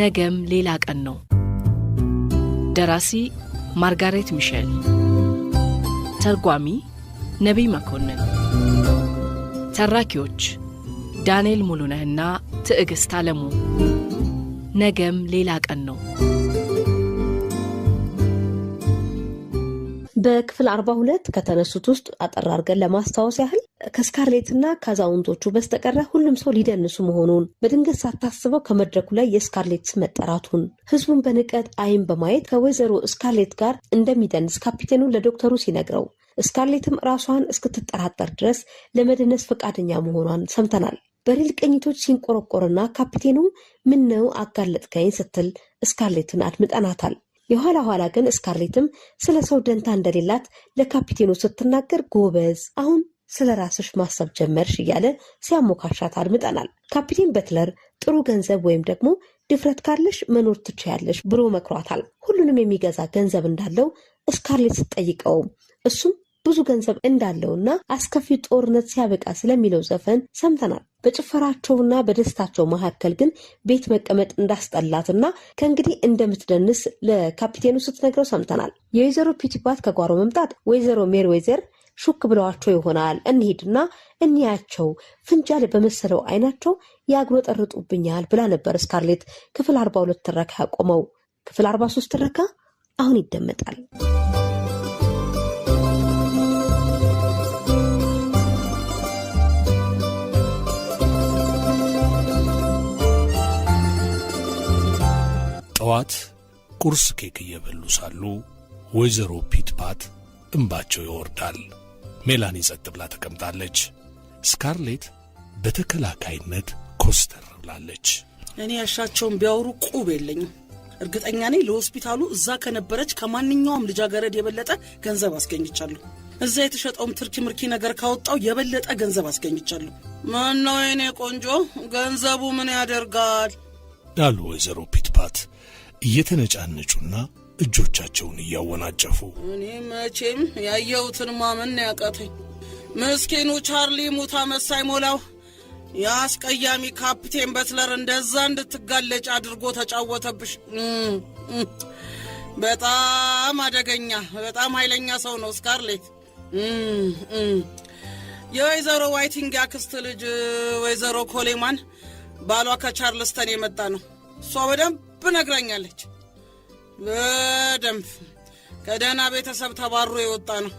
ነገም ሌላ ቀን ነው። ደራሲ ማርጋሬት ሚሸል፣ ተርጓሚ ነቢይ መኮንን፣ ተራኪዎች ዳንኤል ሙሉነህና ትዕግሥት አለሙ። ነገም ሌላ ቀን ነው። በክፍል አርባ ሁለት ከተነሱት ውስጥ አጠራርገን ለማስታወስ ያህል ከስካርሌትና ከአዛውንቶቹ በስተቀረ ሁሉም ሰው ሊደንሱ መሆኑን በድንገት ሳታስበው ከመድረኩ ላይ የስካርሌት ስም መጠራቱን ህዝቡን በንቀት አይን በማየት ከወይዘሮ ስካርሌት ጋር እንደሚደንስ ካፒቴኑ ለዶክተሩ ሲነግረው ስካርሌትም ራሷን እስክትጠራጠር ድረስ ለመደነስ ፈቃደኛ መሆኗን ሰምተናል። በሬል ቀኝቶች ሲንቆረቆርና ካፒቴኑ ምነው አጋለጥ አጋለጥከኝ ስትል ስካርሌትን አድምጠናታል። የኋላ ኋላ ግን ስካርሌትም ስለ ሰው ደንታ እንደሌላት ለካፒቴኑ ስትናገር ጎበዝ አሁን ስለ ራስሽ ማሰብ ጀመርሽ እያለ ሲያሞካሻት አድምጠናል። ካፒቴን በትለር ጥሩ ገንዘብ ወይም ደግሞ ድፍረት ካለሽ መኖር ትችያለሽ ብሎ መክሯታል። ሁሉንም የሚገዛ ገንዘብ እንዳለው እስካርሌት ስትጠይቀውም እሱም ብዙ ገንዘብ እንዳለውና አስከፊ ጦርነት ሲያበቃ ስለሚለው ዘፈን ሰምተናል። በጭፈራቸውና በደስታቸው መካከል ግን ቤት መቀመጥ እንዳስጠላትና ከእንግዲህ እንደምትደንስ ለካፒቴኑ ስትነግረው ሰምተናል። የወይዘሮ ፒቲፓት ከጓሮ መምጣት ወይዘሮ ሜር ወይዘር ሹክ ብለዋቸው ይሆናል። እንሂድና እንያቸው፣ ፍንጃል በመሰለው አይናቸው ጠርጡብኛል ብላ ነበር ስካርሌት ክፍል 42 ትረካ ያቆመው። ክፍል 43 ትረካ አሁን ይደመጣል። ጠዋት ቁርስ ኬክ እየበሉ ሳሉ ወይዘሮ ፒትፓት እንባቸው ይወርዳል። ሜላኒ ጸጥ ብላ ተቀምጣለች። ስካርሌት በተከላካይነት ኮስተር ብላለች። እኔ ያሻቸውን ቢያወሩ ቁብ የለኝም። እርግጠኛ ነኝ ለሆስፒታሉ እዛ ከነበረች ከማንኛውም ልጃገረድ የበለጠ ገንዘብ አስገኝቻለሁ። እዛ የተሸጠውም ትርኪ ምርኪ ነገር ካወጣው የበለጠ ገንዘብ አስገኝቻለሁ። ነው የኔ ቆንጆ ገንዘቡ ምን ያደርጋል? ዳሉ ወይዘሮ ፒትፓት እየተነጫነጩና እጆቻቸውን እያወናጨፉ እኔ መቼም ያየሁትን ማመን ያቃተኝ ምስኪኑ ቻርሊ ሙታ መሳይ ሞላው የአስቀያሚ ካፕቴን በትለር እንደዛ እንድትጋለጭ አድርጎ ተጫወተብሽ። በጣም አደገኛ፣ በጣም ኃይለኛ ሰው ነው ስካርሌት። የወይዘሮ ዋይቲንግ ያክስት ልጅ ወይዘሮ ኮሌማን ባሏ ከቻርልስተን የመጣ ነው። እሷ በደንብ ነግራኛለች። በደንብ ከደህና ቤተሰብ ተባሮ የወጣ ነው።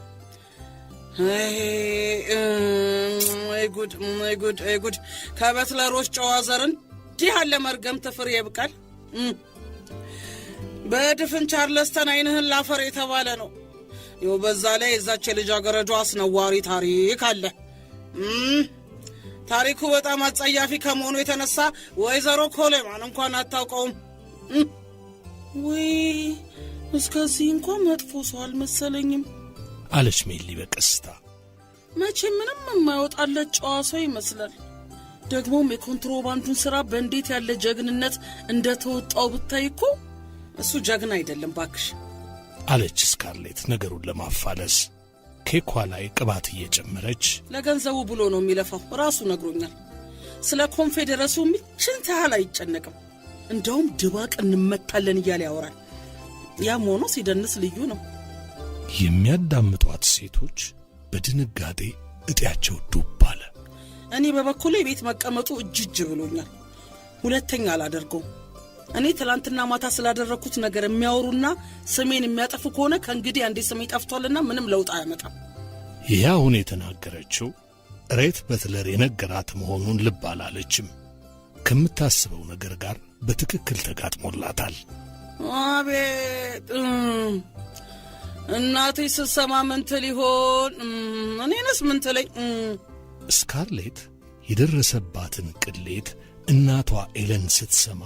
ጉድ ጉድ ከበትለሮች ጨዋ ዘር እንዲህ መርገም ትፍር ይብቃል። በድፍን ቻርለስተን አይንህን ላፈር የተባለ ነው። ይኸው በዛ ላይ የዛች የልጃገረዷ አስነዋሪ ታሪክ አለ። ታሪኩ በጣም አጸያፊ ከመሆኑ የተነሳ ወይዘሮ ኮሌማን እንኳን አታውቀውም። ወይ እስከዚህ እንኳ መጥፎ ሰው አልመሰለኝም አለች ሜሊ በቀስታ መቼ ምንም የማይወጣለት ጨዋ ሰው ይመስላል ደግሞም የኮንትሮባንዱን ሥራ በእንዴት ያለ ጀግንነት እንደተወጣው ብታይ እኮ እሱ ጀግና አይደለም ባክሽ አለች ስካርሌት ነገሩን ለማፋለስ ኬኳ ላይ ቅባት እየጨመረች ለገንዘቡ ብሎ ነው የሚለፋው ራሱ ነግሮኛል ስለ ኮንፌዴረሱ ምችን ታህል አይጨነቅም እንደውም ድባቅ እንመታለን እያለ ያወራል። ያም ሆኖ ሲደንስ ልዩ ነው። የሚያዳምጧት ሴቶች በድንጋጤ እጤያቸው ዱብ አለ። እኔ በበኩሌ ቤት መቀመጡ እጅጅ ብሎኛል። ሁለተኛ አላደርገውም። እኔ ትላንትና ማታ ስላደረግኩት ነገር የሚያወሩና ስሜን የሚያጠፉ ከሆነ ከእንግዲህ አንዴ ስሜ ጠፍቷልና ምንም ለውጥ አያመጣም። ይህ አሁን የተናገረችው ሬት በትለር የነገራት መሆኑን ልብ አላለችም። ከምታስበው ነገር ጋር በትክክል ተጋጥሞላታል። አቤት እናቴ ስትሰማ ምን ትል ይሆን? እኔንስ ምን ትለኝ? ስካርሌት የደረሰባትን ቅሌት እናቷ ኤለን ስትሰማ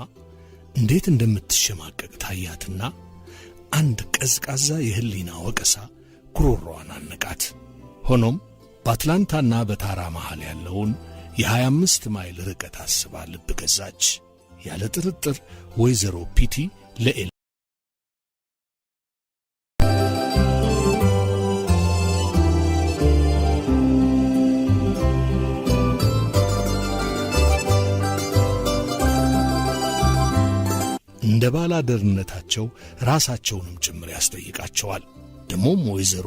እንዴት እንደምትሸማቀቅ ታያትና አንድ ቀዝቃዛ የህሊና ወቀሳ ጉሮሮዋን አነቃት። ሆኖም በአትላንታና በታራ መሃል ያለውን የ25 ማይል ርቀት አስባ ልብ ገዛች። ያለ ጥርጥር ወይዘሮ ፒቲ ለኤል እንደ ባላደርነታቸው ራሳቸውንም ጭምር ያስጠይቃቸዋል። ደግሞም ወይዘሮ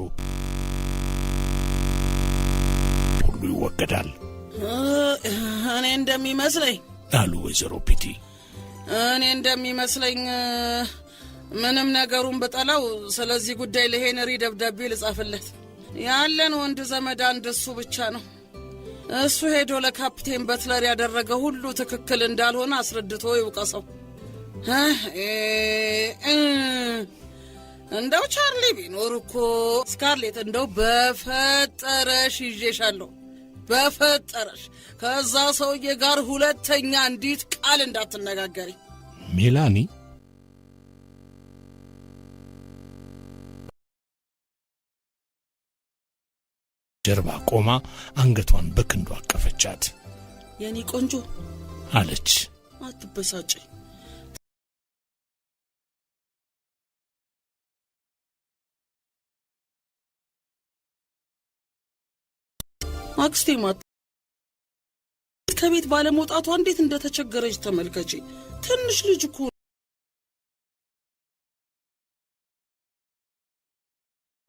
ሁሉ ይወገዳል። እኔ እንደሚመስለኝ አሉ ወይዘሮ ፒቲ። እኔ እንደሚመስለኝ ምንም ነገሩን ብጠላው ስለዚህ ጉዳይ ለሄንሪ ደብዳቤ ልጻፍለት። ያለን ወንድ ዘመድ አንድ እሱ ብቻ ነው። እሱ ሄዶ ለካፕቴን በትለር ያደረገ ሁሉ ትክክል እንዳልሆነ አስረድቶ ይውቀሰው። እንደው ቻርሊ ቢኖር እኮ ስካርሌት፣ እንደው በፈጠረሽ ይዤሻለሁ በፈጠረሽ ከዛ ሰውዬ ጋር ሁለተኛ እንዲት ቃል እንዳትነጋገሪ ሜላኒ። ጀርባ ቆማ አንገቷን በክንዱ አቀፈቻት። የኔ ቆንጆ አለች፣ አትበሳጭኝ አክስቴ ማታ ከቤት ባለመውጣቷ እንዴት እንደተቸገረች ተመልከቼ። ትንሽ ልጅ እኮ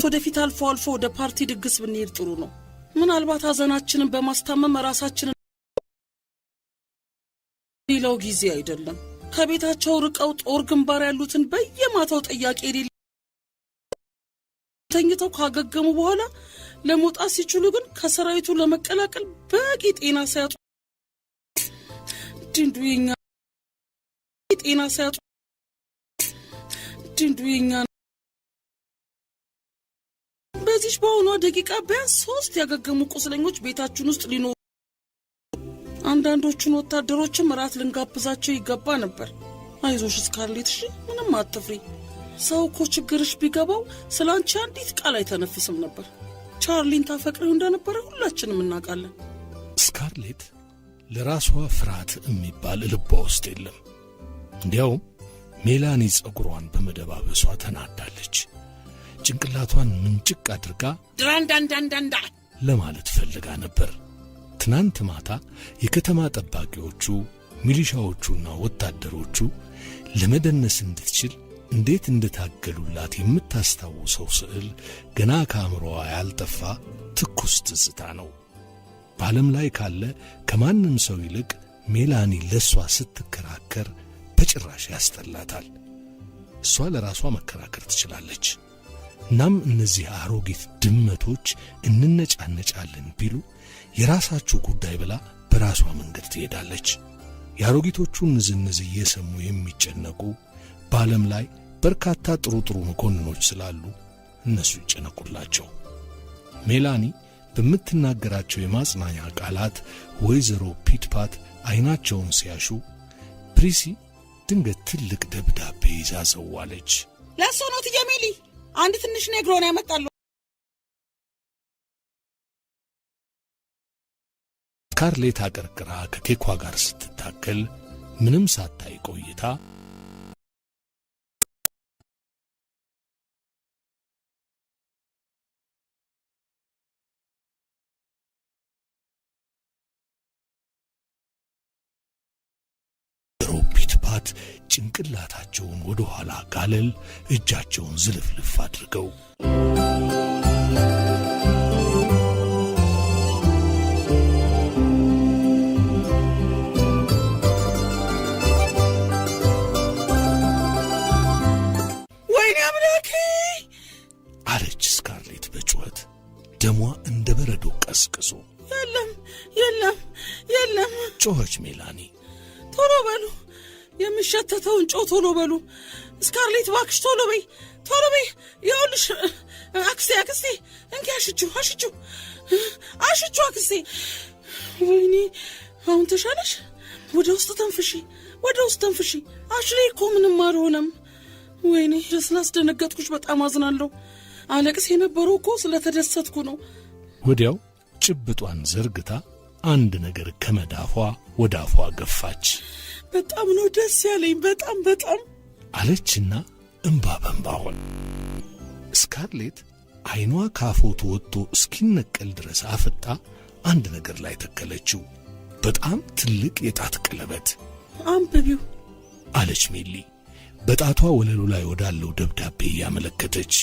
ወደፊት አልፎ አልፎ ወደ ፓርቲ ድግስ ብንሄድ ጥሩ ነው። ምናልባት ሀዘናችንን በማስታመም ራሳችንን ሌላው ጊዜ አይደለም ከቤታቸው ርቀው ጦር ግንባር ያሉትን በየማታው ጠያቂ የሌለ ተኝተው ካገገሙ በኋላ ለመውጣት ሲችሉ ግን ከሰራዊቱ ለመቀላቀል በቂ ጤና ሳያጡ ድንዱ የኛ ጤና ሳያጡ ድንዱ የኛ በዚች በአሁኗ ደቂቃ ቢያንስ ሶስት ያገገሙ ቁስለኞች ቤታችን ውስጥ ሊኖሩ አንዳንዶቹን ወታደሮችም እራት ልንጋብዛቸው ይገባ ነበር። አይዞሽ እስካርሌት፣ እሺ ምንም አትፍሪ። ሰው እኮ ችግርሽ ቢገባው ስለ አንቺ አንዲት ቃል አይተነፍስም ነበር። ቻርሊን ታፈቅረው እንደነበረ ሁላችንም እናውቃለን። ስካርሌት ለራሷ ፍርሃት የሚባል ልቧ ውስጥ የለም። እንዲያውም ሜላኒ ጸጉሯን በመደባበሷ ተናዳለች። ጭንቅላቷን ምንጭቅ አድርጋ ድራንዳንዳንዳንዳ ለማለት ፈልጋ ነበር። ትናንት ማታ የከተማ ጠባቂዎቹ ሚሊሻዎቹና ወታደሮቹ ለመደነስ እንድትችል እንዴት እንደታገሉላት የምታስታውሰው ስዕል ገና ከአእምሮዋ ያልጠፋ ትኩስ ትዝታ ነው። በዓለም ላይ ካለ ከማንም ሰው ይልቅ ሜላኒ ለእሷ ስትከራከር በጭራሽ ያስጠላታል። እሷ ለራሷ መከራከር ትችላለች። እናም እነዚህ አሮጊት ድመቶች እንነጫነጫለን ቢሉ የራሳችሁ ጉዳይ ብላ በራሷ መንገድ ትሄዳለች። የአሮጊቶቹን ንዝንዝ እየሰሙ የሚጨነቁ በዓለም ላይ በርካታ ጥሩ ጥሩ መኮንኖች ስላሉ እነሱ ይጨነቁላቸው። ሜላኒ በምትናገራቸው የማጽናኛ ቃላት ወይዘሮ ፒትፓት አይናቸውን ሲያሹ ፕሪሲ ድንገት ትልቅ ደብዳቤ ይዛ ዘዋለች። ለእሱ ነው አንድ ትንሽ ኔግሮን ያመጣሉ። ስካርሌት አቀርቅራ ከኬኳ ጋር ስትታከል ምንም ሳታይ ቆይታ በሮቢት ፓት ጭንቅላታቸውን ወደ ኋላ ጋለል፣ እጃቸውን ዝልፍልፍ አድርገው ወይኔ አምላኬ አለች ስካርሌት በጩኸት ደሟ እንደ በረዶ ቀስቅሶ የለም የለም የለም ጮኸች ሜላኒ ቶሎ በሉ፣ የሚሸተተውን ጮ ቶሎ በሉ። ስካርሌት እባክሽ ቶሎ በይ፣ ቶሎ በይ። ይኸውልሽ አክስቴ፣ አክስቴ እንኪ አሽቹ፣ አሽቹ፣ አሽቹ አክስቴ። ወይኔ አሁን ተሻለሽ? ወደ ውስጥ ተንፍሺ፣ ወደ ውስጥ ተንፍሺ። አሽሌ እኮ ምንም አልሆነም። ወይኔ ስላስደነገጥኩሽ በጣም አዝናለሁ። አለቅስ የነበረው እኮ ስለተደሰትኩ ነው። ወዲያው ጭብጧን ዘርግታ አንድ ነገር ከመዳፏ ወደ አፏ ገፋች። በጣም ነው ደስ ያለኝ፣ በጣም በጣም አለችና እምባ በንባ ሆነ። ስካርሌት ዓይኗ ካፎቱ ወጥቶ እስኪነቀል ድረስ አፈጣ አንድ ነገር ላይ ተከለችው። በጣም ትልቅ የጣት ቀለበት። አንብቢው አለች ሜሊ በጣቷ ወለሉ ላይ ወዳለው ደብዳቤ እያመለከተች።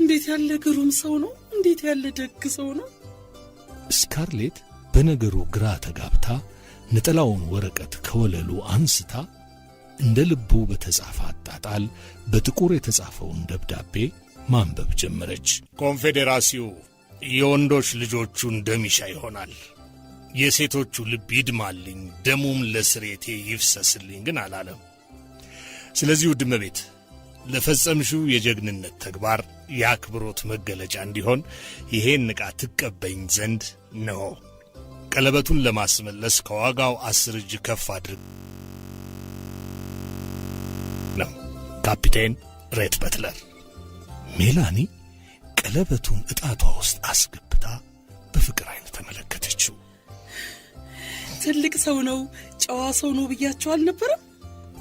እንዴት ያለ ግሩም ሰው ነው! እንዴት ያለ ደግ ሰው ነው! ስካርሌት በነገሩ ግራ ተጋብታ ነጠላውን ወረቀት ከወለሉ አንስታ እንደ ልቡ በተጻፈ አጣጣል በጥቁር የተጻፈውን ደብዳቤ ማንበብ ጀመረች። ኮንፌዴራሲው የወንዶች ልጆቹን እንደሚሻ ይሆናል። የሴቶቹ ልብ ይድማልኝ፣ ደሙም ለስሬቴ ይፍሰስልኝ ግን አላለም። ስለዚህ ውድ እመቤት ለፈጸምሽው የጀግንነት ተግባር የአክብሮት መገለጫ እንዲሆን ይሄን ዕቃ ትቀበኝ ዘንድ ነው። ቀለበቱን ለማስመለስ ከዋጋው አስር እጅ ከፍ አድርግ ነው። ካፒቴን ሬት በትለር። ሜላኒ ቀለበቱን እጣቷ ውስጥ አስገብታ በፍቅር አይነት ተመለከተችው። ትልቅ ሰው ነው፣ ጨዋ ሰው ነው ብያቸው አልነበረም?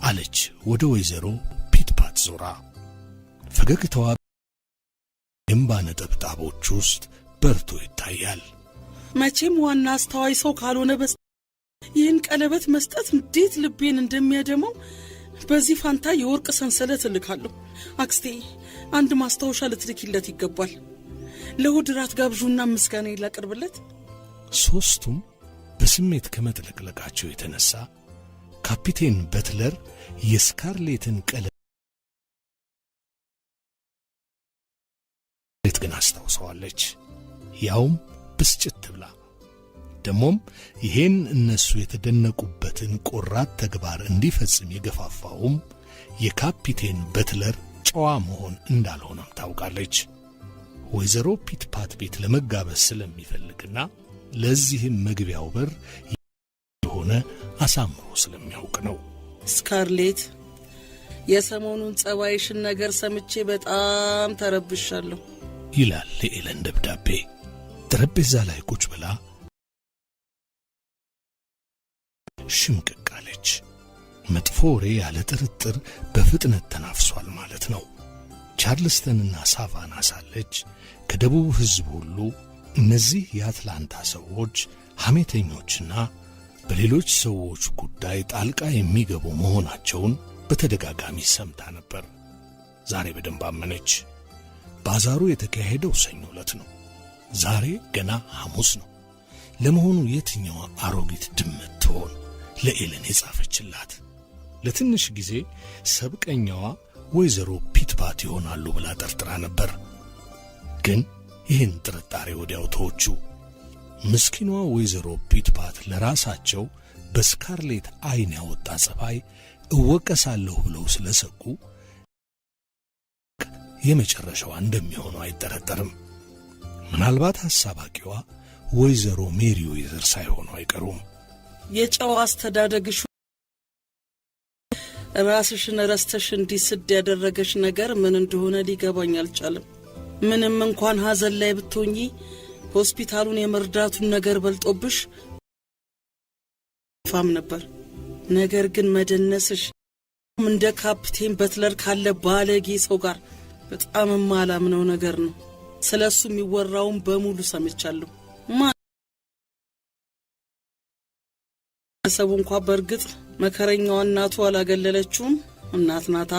አለች ወደ ወይዘሮ ፒትፓት ዞራ። ፈገግታዋ እምባ ነጠብጣቦች ውስጥ በርቶ ይታያል። መቼም ዋና አስተዋይ ሰው ካልሆነ በስ ይህን ቀለበት መስጠት እንዴት ልቤን እንደሚያደመው በዚህ ፋንታ የወርቅ ሰንሰለት እልካለሁ። አክስቴ አንድ ማስታወሻ ልትልኪለት ይገባል። ለእሑድ ራት ጋብዡና ምስጋና ላቅርብለት። ሦስቱም በስሜት ከመጥለቅለቃቸው የተነሳ ካፒቴን በትለር የስካርሌትን ቀለበት ግን አስታውሰዋለች ያውም ብስጭት ትብላ። ደሞም ይሄን እነሱ የተደነቁበትን ቆራት ተግባር እንዲፈጽም የገፋፋውም የካፒቴን በትለር ጨዋ መሆን እንዳልሆነም ታውቃለች። ወይዘሮ ፒትፓት ቤት ለመጋበዝ ስለሚፈልግና ለዚህም መግቢያው በር የሆነ አሳምሮ ስለሚያውቅ ነው። ስካርሌት፣ የሰሞኑን ጸባይሽን ነገር ሰምቼ በጣም ተረብሻለሁ ይላል የኤለን ደብዳቤ። ጠረጴዛ ላይ ቁጭ ብላ ሽምቅቃለች አለች። መጥፎ ወሬ ያለ ጥርጥር በፍጥነት ተናፍሷል ማለት ነው። ቻርልስተንና ሳቫና ሳለች ከደቡብ ሕዝብ ሁሉ እነዚህ የአትላንታ ሰዎች ሐሜተኞችና በሌሎች ሰዎች ጉዳይ ጣልቃ የሚገቡ መሆናቸውን በተደጋጋሚ ሰምታ ነበር። ዛሬ በደንብ አመነች። ባዛሩ የተካሄደው ሰኞ ዕለት ነው። ዛሬ ገና ሐሙስ ነው። ለመሆኑ የትኛዋ አሮጊት ድመት ትሆን ለኤለን የጻፈችላት? ለትንሽ ጊዜ ሰብቀኛዋ ወይዘሮ ፒትፓት ይሆናሉ ብላ ጠርጥራ ነበር። ግን ይህን ጥርጣሬ ወዲያው ተወቹ። ምስኪኗ ወይዘሮ ፒትፓት ለራሳቸው በስካርሌት ዐይን ያወጣ ጸባይ እወቀሳለሁ ብለው ስለ ሰጉ የመጨረሻዋ እንደሚሆኑ አይጠረጠርም። ምናልባት ሐሳብ አቂዋ ወይዘሮ ሜሪ ዌዘር ሳይሆኑ አይቀሩም። የጨዋ አስተዳደግሽ ራስሽን ረስተሽ እንዲስድ ያደረገሽ ነገር ምን እንደሆነ ሊገባኝ አልቻለም። ምንም እንኳን ሐዘን ላይ ብትሆኚ ሆስፒታሉን የመርዳቱን ነገር በልጦብሽ ፋም ነበር። ነገር ግን መደነስሽ እንደ ካፕቴን በትለር ካለ ባለጌ ሰው ጋር በጣም የማላምነው ነገር ነው። ስለ እሱ የሚወራውን በሙሉ ሰምቻለሁ። ማሰቡ እንኳ በእርግጥ መከረኛዋ እናቱ አላገለለችውም። እናት ናታ።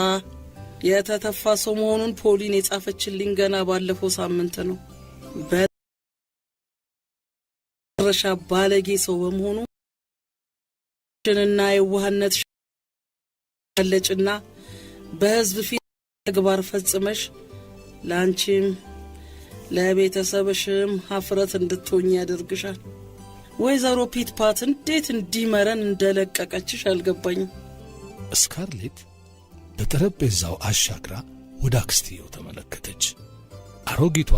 የተተፋ ሰው መሆኑን ፖሊን የጻፈችልኝ ገና ባለፈው ሳምንት ነው። በረሻ ባለጌ ሰው በመሆኑ ሽንና የዋህነት ያለጭና በህዝብ ፊት ተግባር ፈጽመሽ ለአንቺም ለቤተሰብሽም ሀፍረት እንድትሆኝ ያደርግሻል። ወይዘሮ ፓት እንዴት እንዲመረን እንደለቀቀችሽ አልገባኝም። ስካርሌት በጠረጴዛው አሻግራ ወደ አክስትየው ተመለከተች። አሮጊቷ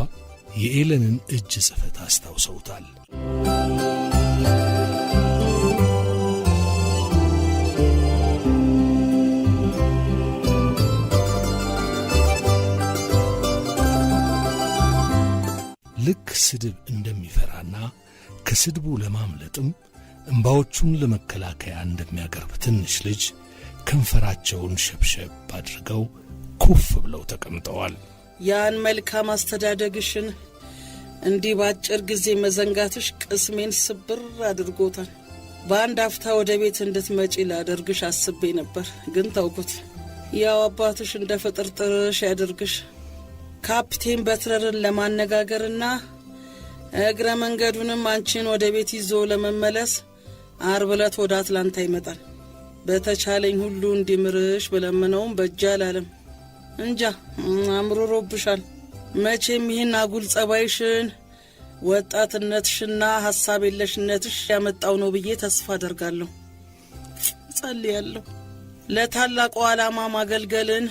የኤለንን እጅ ጽፈት አስታውሰውታል። ልክ ስድብ እንደሚፈራና ከስድቡ ለማምለጥም እምባዎቹን ለመከላከያ እንደሚያቀርብ ትንሽ ልጅ ከንፈራቸውን ሸብሸብ አድርገው ኩፍ ብለው ተቀምጠዋል። ያን መልካም አስተዳደግሽን እንዲህ በአጭር ጊዜ መዘንጋትሽ ቅስሜን ስብር አድርጎታል። በአንድ አፍታ ወደ ቤት እንድትመጪ ላደርግሽ አስቤ ነበር፣ ግን ታውኩት። ያው አባትሽ እንደ ፍጥርጥርሽ ያደርግሽ ካፕቴን በትረርን ለማነጋገርና እግረ መንገዱንም አንቺን ወደ ቤት ይዞ ለመመለስ አርብ ዕለት ወደ አትላንታ ይመጣል። በተቻለኝ ሁሉ እንዲምርሽ ብለምነውም በእጅ አላለም። እንጃ አምሮሮብሻል። መቼም ይህን አጉል ጸባይሽን ወጣትነትሽና ሀሳብ የለሽነትሽ ያመጣው ነው ብዬ ተስፋ አደርጋለሁ። ጸልያለሁ። ለታላቁ ዓላማ ማገልገልን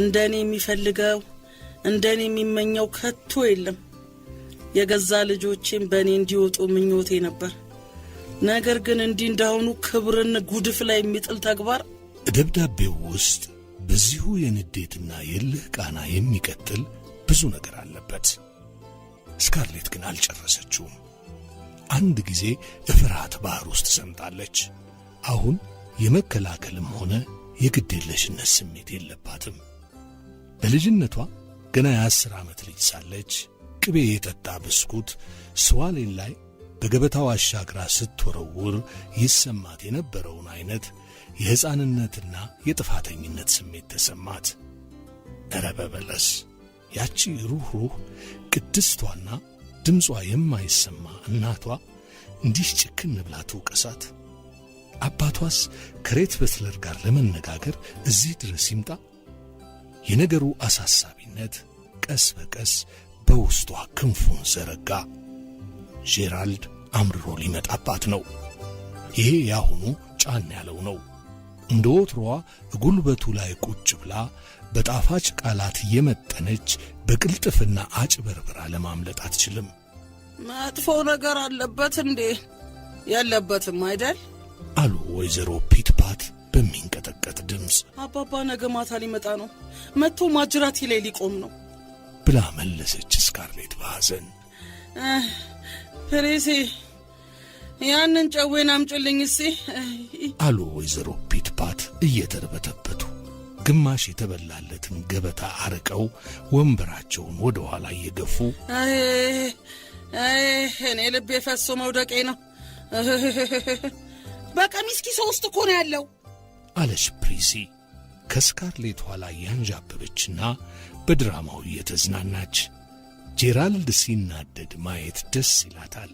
እንደኔ የሚፈልገው እንደ እኔ የሚመኘው ከቶ የለም። የገዛ ልጆቼም በእኔ እንዲወጡ ምኞቴ ነበር። ነገር ግን እንዲህ እንዳሁኑ ክብርን ጉድፍ ላይ የሚጥል ተግባር ደብዳቤው ውስጥ በዚሁ የንዴትና የልህ ቃና የሚቀጥል ብዙ ነገር አለበት። ስካርሌት ግን አልጨረሰችውም። አንድ ጊዜ እፍርሃት ባሕር ውስጥ ሰምጣለች። አሁን የመከላከልም ሆነ የግዴለሽነት ስሜት የለባትም። በልጅነቷ ገና የአስር ዓመት ልጅ ሳለች ቅቤ የጠጣ ብስኩት ስዋሌን ላይ በገበታው አሻግራ ስትወረውር ይሰማት የነበረውን ዐይነት የሕፃንነትና የጥፋተኝነት ስሜት ተሰማት። እረ በበለስ ያቺ ሩኅሩኅ ቅድስቷና ድምጿ የማይሰማ እናቷ እንዲህ ጭክን ብላ ትውቀሳት። አባቷስ ከሬት በትለር ጋር ለመነጋገር እዚህ ድረስ ይምጣ። የነገሩ አሳሳቢነት ቀስ በቀስ በውስጧ ክንፉን ዘረጋ። ጄራልድ አምርሮ ሊመጣባት ነው። ይሄ ያሁኑ ጫን ያለው ነው። እንደ ወትሮዋ ጉልበቱ ላይ ቁጭ ብላ በጣፋጭ ቃላት የመጠነች በቅልጥፍና አጭበርብራ ለማምለጥ አትችልም። መጥፎ ነገር አለበት እንዴ? የለበትም አይደል? አሉ ወይዘሮ ፒትፓት በሚንቀጠቀጥ ድምፅ አባባ ነገ ማታ ሊመጣ ነው፣ መጥቶ ማጅራቴ ላይ ሊቆም ነው ብላ መለሰች ስካርሌት በሐዘን። ፕሬሴ ያንን ጨዌን አምጭልኝ እሴ አሉ ወይዘሮ ፒትፓት እየተርበተበቱ። ግማሽ የተበላለትን ገበታ አርቀው ወንበራቸውን ወደ ኋላ እየገፉ እኔ ልቤ ፈሶ መውደቄ ነው። በቀሚስኪ ኪሶ ውስጥ እኮ ነው ያለው አለች ፕሪሲ ከስካርሌት ኋላ ያንዣበበችና በድራማው እየተዝናናች። ጄራልድ ሲናደድ ማየት ደስ ይላታል።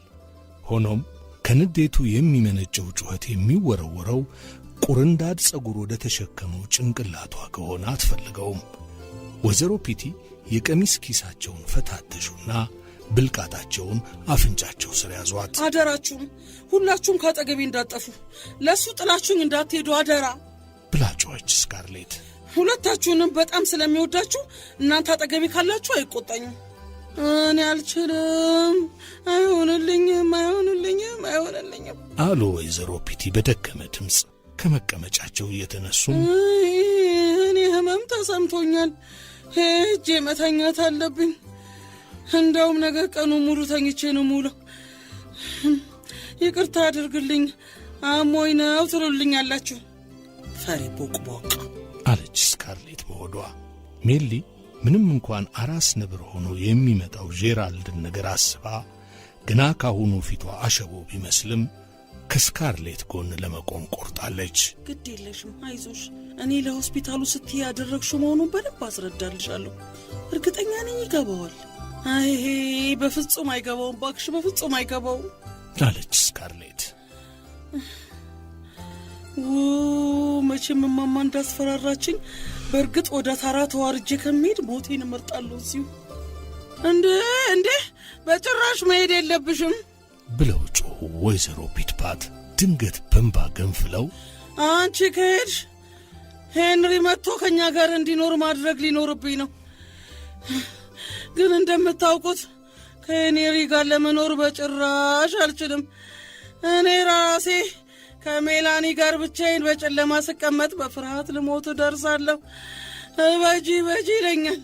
ሆኖም ከንዴቱ የሚመነጨው ጩኸት የሚወረወረው ቁርንዳድ ጸጉር ወደ ተሸከመው ጭንቅላቷ ከሆነ አትፈልገውም። ወይዘሮ ፒቲ የቀሚስ ኪሳቸውን ፈታተሹና ብልቃጣቸውን አፍንጫቸው ስር ያዟት። አደራችሁም ሁላችሁም ከአጠገቤ እንዳጠፉ ለእሱ ጥላችሁን እንዳትሄዱ አደራ ብላ ስካርሌት። ሁለታችሁንም በጣም ስለሚወዳችሁ እናንተ አጠገቢ ካላችሁ አይቆጣኝም። እኔ አልችልም፣ አይሆንልኝም፣ አይሆንልኝም፣ አይሆንልኝም አሉ ወይዘሮ ፒቲ በደከመ ድምፅ ከመቀመጫቸው እየተነሱ እኔ ህመም ተሰምቶኛል፣ ሄጄ መተኛት አለብኝ። እንደውም ነገ ቀኑ ሙሉ ተኝቼ ነው የምውለው። ይቅርታ አድርግልኝ፣ አሞኝ ነው ትሉልኛላችሁ። ፈሪ ቦቅቧቅ አለች ስካርሌት በሆዷ። ሜሊ ምንም እንኳን አራስ ነብር ሆኖ የሚመጣው ጄራልድን ነገር አስባ ግና ካሁኑ ፊቷ አሸቦ ቢመስልም ከስካርሌት ጎን ለመቆም ቆርጣለች። ግድ የለሽም፣ አይዞሽ እኔ ለሆስፒታሉ ስትይ ያደረግሽው መሆኑን በደንብ አስረዳልሻለሁ። እርግጠኛ ነኝ ይገባዋል። አይ በፍጹም አይገባውም፣ ባክሽ፣ በፍጹም አይገባውም አለች መቼም የምማማ እንዳስፈራራችኝ በእርግጥ ወደ ታራ ተዋርጄ ከመሄድ ሞቴን እመርጣለሁ ሲሉ እንዴ እንዴ በጭራሽ መሄድ የለብሽም ብለው ጮኹ። ወይዘሮ ፒትፓት ድንገት በንባ ገንፍለው አንቺ ከሄድ ሄንሪ መጥቶ ከእኛ ጋር እንዲኖር ማድረግ ሊኖርብኝ ነው። ግን እንደምታውቁት ከሄንሪ ጋር ለመኖር በጭራሽ አልችልም እኔ ራሴ ከሜላኒ ጋር ብቻዬን በጨለማ ስቀመጥ በፍርሃት ልሞት ደርሳለሁ። በጂ በጂ ይለኛል።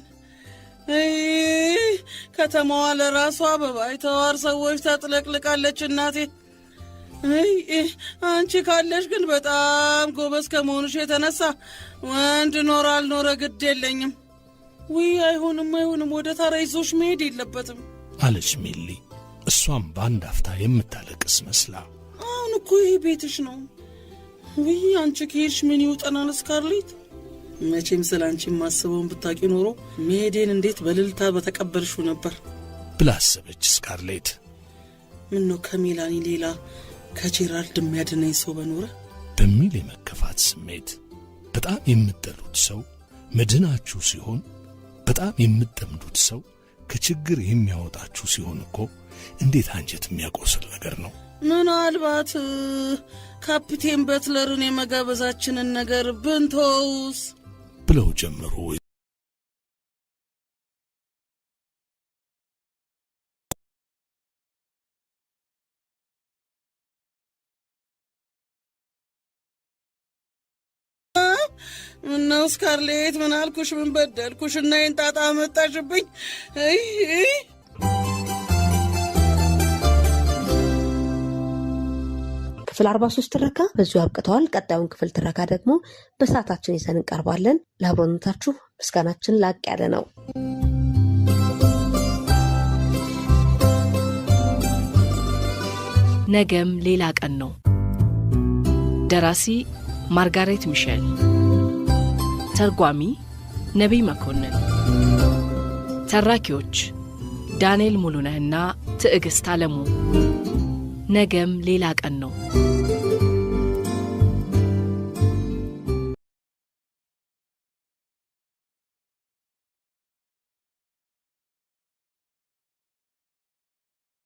ከተማዋ ለራሷ በባይተዋር ሰዎች ተጥለቅልቃለች። እናቴ አንቺ ካለሽ ግን በጣም ጎበዝ ከመሆኑሽ የተነሳ ወንድ ኖረ አልኖረ ግድ የለኝም። ውይ አይሆንም፣ አይሆንም፣ ወደ ታራ ይዞሽ መሄድ የለበትም አለች ሜሊ። እሷም በአንድ አፍታ የምታለቅስ መስላ አሁን እኮ ይህ ቤትሽ ነው። ውይ አንቺ ከሄድሽ ምን ይውጠናል እስካርሌት? መቼም ስለ አንቺ የማስበውን ብታቂ ኖሮ መሄዴን እንዴት በልልታ በተቀበልሽው ነበር ብላ አሰበች እስካርሌት። ምን ነው ከሜላኒ ሌላ ከጄራልድ የሚያድነኝ ሰው በኖረ በሚል የመከፋት ስሜት በጣም የምጠሉት ሰው መድናችሁ ሲሆን በጣም የምጠምዱት ሰው ከችግር የሚያወጣችሁ ሲሆን እኮ እንዴት አንጀት የሚያቆስል ነገር ነው። ምናልባት ካፕቴን በትለርን የመጋበዛችንን ነገር ብንተውስ ብለው ጀመሩ። ምነው ስካርሌት፣ ምን አልኩሽ? ምን በደልኩሽ? እና ይህን ጣጣ መጣሽብኝ? ክፍል 43 ትረካ በዚሁ አብቅተዋል። ቀጣዩን ክፍል ትረካ ደግሞ በሰዓታችን ይዘን እንቀርባለን። ለአብሮነታችሁ ምስጋናችን ላቅ ያለ ነው። ነገም ሌላ ቀን ነው። ደራሲ ማርጋሬት ሚሸል፣ ተርጓሚ ነቢይ መኮንን፣ ተራኪዎች ዳንኤል ሙሉነህና ትዕግሥት አለሙ ነገም ሌላ ቀን ነው።